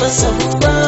but so it's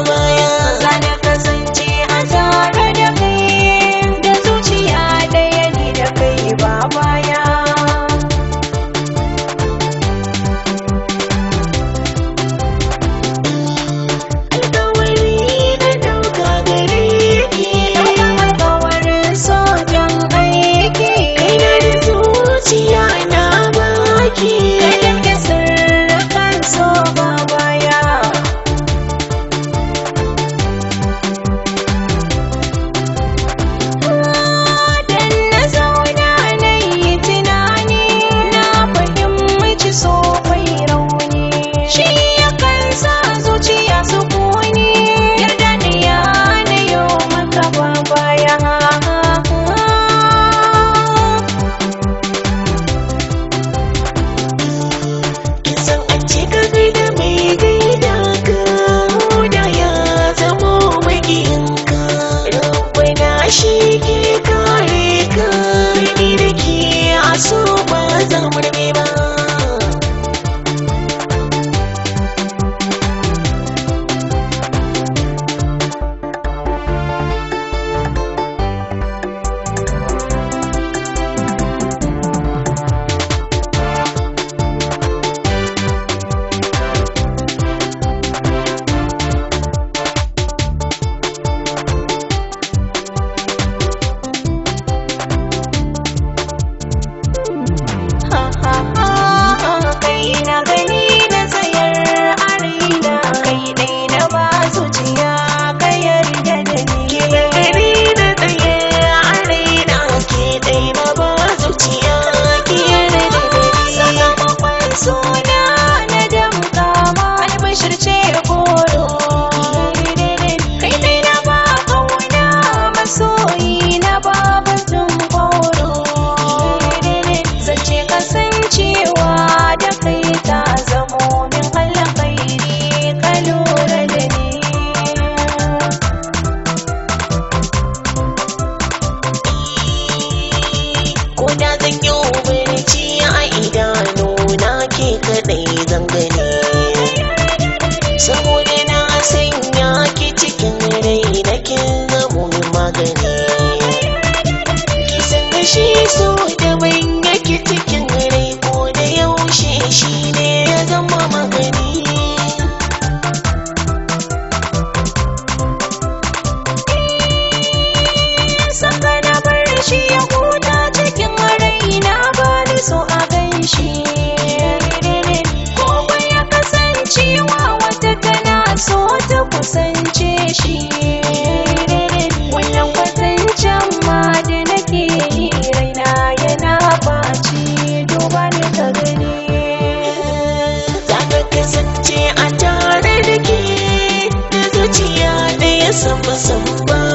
ne kare ka ni da ke a so ba zan murme ba aure na sanya ki cikin rai na kin zamo magani ki san shi so da ban yake cikin rai ko da yaushe shi ne ya zama magani Saka na bar ya huta cikin rai na ba so a gan ya kasance kasance shi wannan kwatancen ma da nake yi raina yana baci duba ni ka gani ka kasance a tare da ke da zuciya ɗaya sama sama